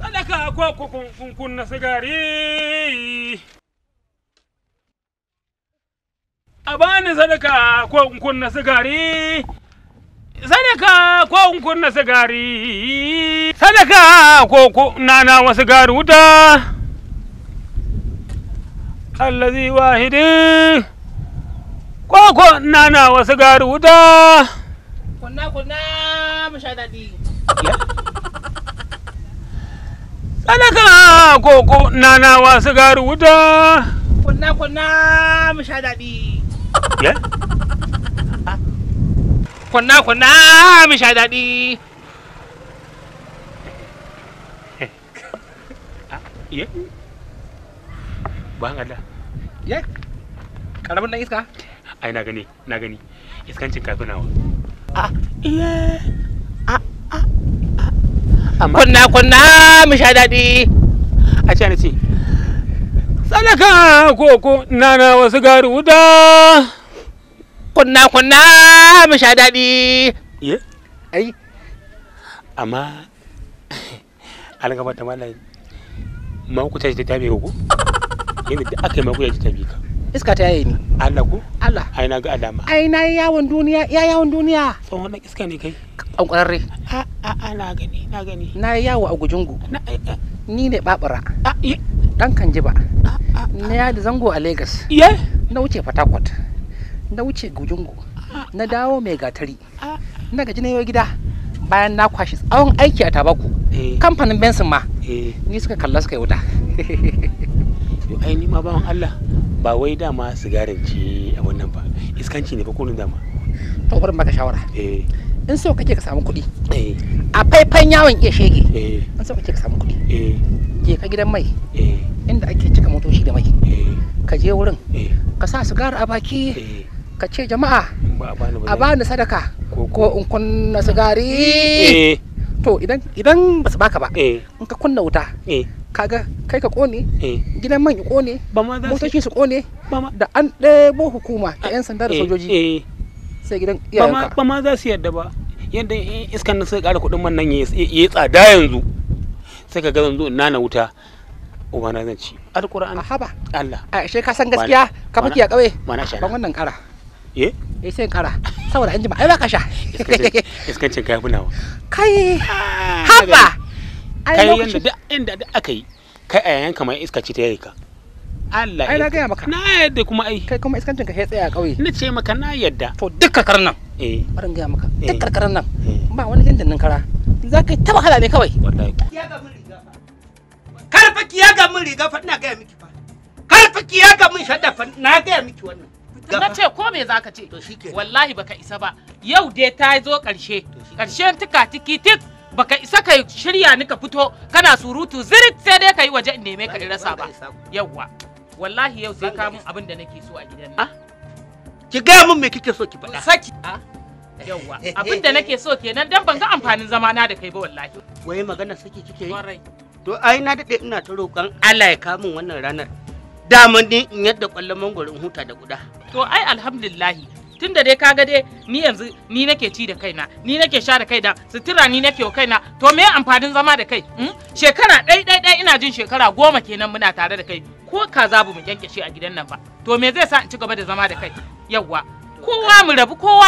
Sadaka na sigari. A bani sadaka ko kun na sigari. Sadaka ko kun na sigari. Sadaka ko nana wasu gari wuta. Allazi nana wasu gari wuta. Kunna kunna na koko na na wasu garu wuta kunna kunna mu sha daɗi ya? kunna kunna mu sha daɗi iya bahan Allah ya karamin ya? dan iska ai na gani na gani iskancin kafin nawa a iya Ah ah kunna kunna mu sha daɗi a ce ni ce sadaka koko nana wasu garu wuta kunna kunna mu sha daɗi ye ai amma algaba ta malayi makuta ta tabi ko yadda da aka yi makuta ta tabi ka iska ta yayi ne Allah ko Allah ai na ga alama ai na yawon duniya ya yawon duniya tsohon na iska ne kai kankurarre a a na gani na gani na yawo a gujungu ni ne babura dan kanjiba na da zango a lagos na wuce fatakwat na wuce gujungu na dawo mai gatari na gaji na gida bayan na kwashi tsawon aiki a tabaku eh. kamfanin bensin ma eh. ni suka kalla suka yi wuta ai ni ma bawan allah ba wai dama sigarin ci a wannan ba iskanci ne ba kullum dama to bari maka shawara eh in so kake ka samu kuɗi eh. a faifan yawon iya shege eh. in so kake ka samu kuɗi eh. je ka gidan mai inda ake cika motoci da mai ka je wurin ka sa sigara a baki ka ce jama'a a bani sadaka ko in kunna sigari to idan ba su baka ba in ka kunna wuta kaga kai ka kone gidan man ya kone motoci su kone da an bo hukuma ta 'yan ah, sanda da sojoji sai gidan iyayenka ba ma za su yadda ba yadda iskan nan suka kara kuɗin man nan ya yi tsada yanzu sai ka ga zanzu na na wuta na zan ci alquran haba Allah a she ka san gaskiya ka fake a kauye ban wannan kara Ye? Eh? eh sai kara saboda an jima ai ba ka sha cin kai funawa ah, kai haba kai yanda duk inda aka yi kai a yayanka mai iska ce ta yayi ka Allah ai na gaya maka na yadda kuma ai kai kuma iskancin ka sai tsaya kauye ni ce maka na yadda to duk karkarar nan eh barin gaya maka eh. duk karkarar nan eh. ba wani lindin nan kara za ka yi ta wahala ne kawai wallahi karfa ki ya ga mun riga fa ina gaya miki fa karfa ki ya ga mun shadda fa na gaya miki wannan na ce ko me za ka ce wallahi baka isa ba yau dai ta zo karshe karshen tuka tiki tik baka isa ka shirya ni ka fito kana surutu zirit sai dai ka yi waje in mai ka rasa ba yawwa wallahi yau sai ka mun abin da nake so a gidan ah. nan ki gaya min me kike so ki faɗa saki ah. yawa abin da nake so kenan dan ban ga amfanin zama na da kai ba wallahi waye magana saki kike yi to ai na dade ina ta roƙon Allah ya kamun wannan ranar da din in yadda kwallon mangoro in huta da guda to ai alhamdulillah tunda dai kaga dai ni yanzu ni nake ci da kaina ni nake sha da kaina sutura ni nake wa kaina to me amfanin zama da kai hmm? shekara ɗai ɗai ɗai ina jin shekara goma kenan muna tare da kai ko kaza mu kyankyashe a gidan nan ba to me zai sa in ci gaba da zama da kai yawwa kowa mu rabu kowa